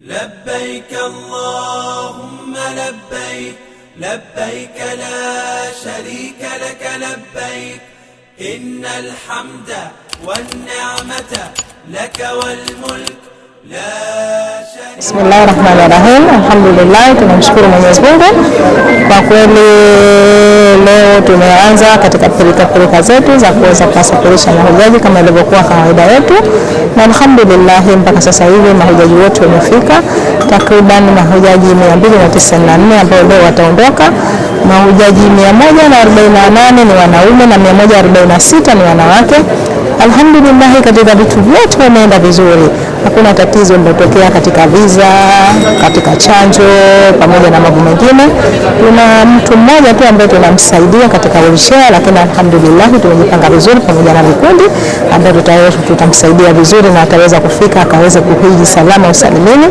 لبيك اللهم لبيك لبيك لا شريك لك لبيك إن الحمد والنعمة لك والملك لا بسم الله الرحمن الرحيم الحمد لله تنشكر من يزبوك وقال leo tumeanza katika pilikapilika zetu za kuweza kuwasukurisha mahujaji kama ilivyokuwa kawaida yetu na alhamdulillah, mpaka sasa hivi mahujaji wote wamefika, takriban mahujaji 294 ambao leo wataondoka. Mahujaji 148 ni wanaume na 146 ni wanawake. Alhamdulillah, katika vitu vyote wameenda vizuri hakuna tatizo lilotokea katika visa, katika chanjo pamoja na mambo mengine. Kuna mtu mmoja tu ambaye tunamsaidia katika wheelchair, lakini alhamdulillah tumejipanga vizuri pamoja na vikundi ambavyo tutamsaidia vizuri na ataweza kufika akaweze kuhiji salama usalimini.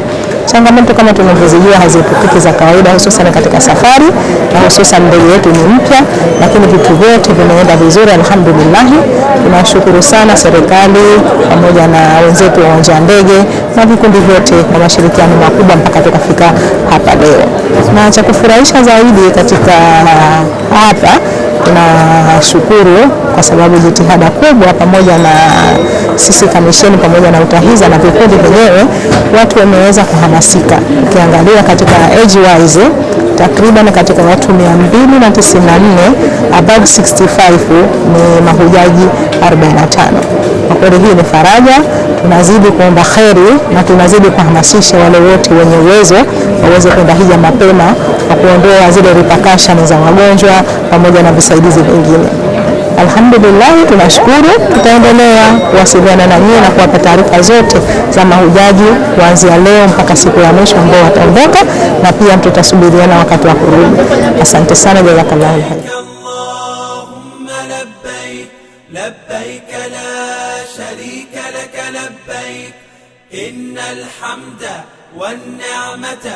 Changamoto kama tunavyozijua haziepukiki za kawaida, hususan katika safari na hususan ndege yetu ni mpya, lakini vitu vyote vimeenda vizuri alhamdulillah. Tunashukuru sana serikali pamoja na wenzetu wa uwanja wa ndege Njage na vikundi vyote kwa mashirikiano makubwa mpaka tukafika hapa leo, na cha kufurahisha zaidi katika hapa tunashukuru kwa sababu jitihada kubwa pamoja na sisi kamisheni pamoja na utahiza na vikundi vyenyewe, watu wameweza kuhamasika. Ukiangalia katika age wise takriban katika watu 294 above 65 ni mahujaji 45. Kwa kweli hii ni faraja, tunazidi kuomba kheri na tunazidi kuhamasisha wale wote wenye uwezo waweze kwenda hija mapema kwa kuondoa zile ripakashani za wagonjwa pamoja na visaidizi vingine. Alhamdulillah, tunashukuru. Tutaendelea kuwasiliana na nyie na kuwapa taarifa zote za mahujaji kuanzia leo mpaka siku ya mwisho ambao wataondoka, na pia tutasubiriana wakati wa kurudi. Asante sana, jazakallahu khairan.